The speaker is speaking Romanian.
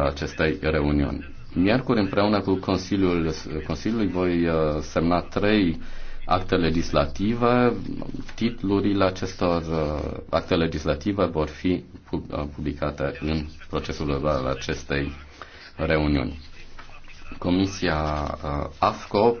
la acestei reuniuni. Miercuri, împreună cu Consiliul, Consiliului, voi uh, semna trei acte legislative. Titlurile acestor uh, acte legislative vor fi uh, publicate în procesul al acestei reuniuni. Comisia AFCO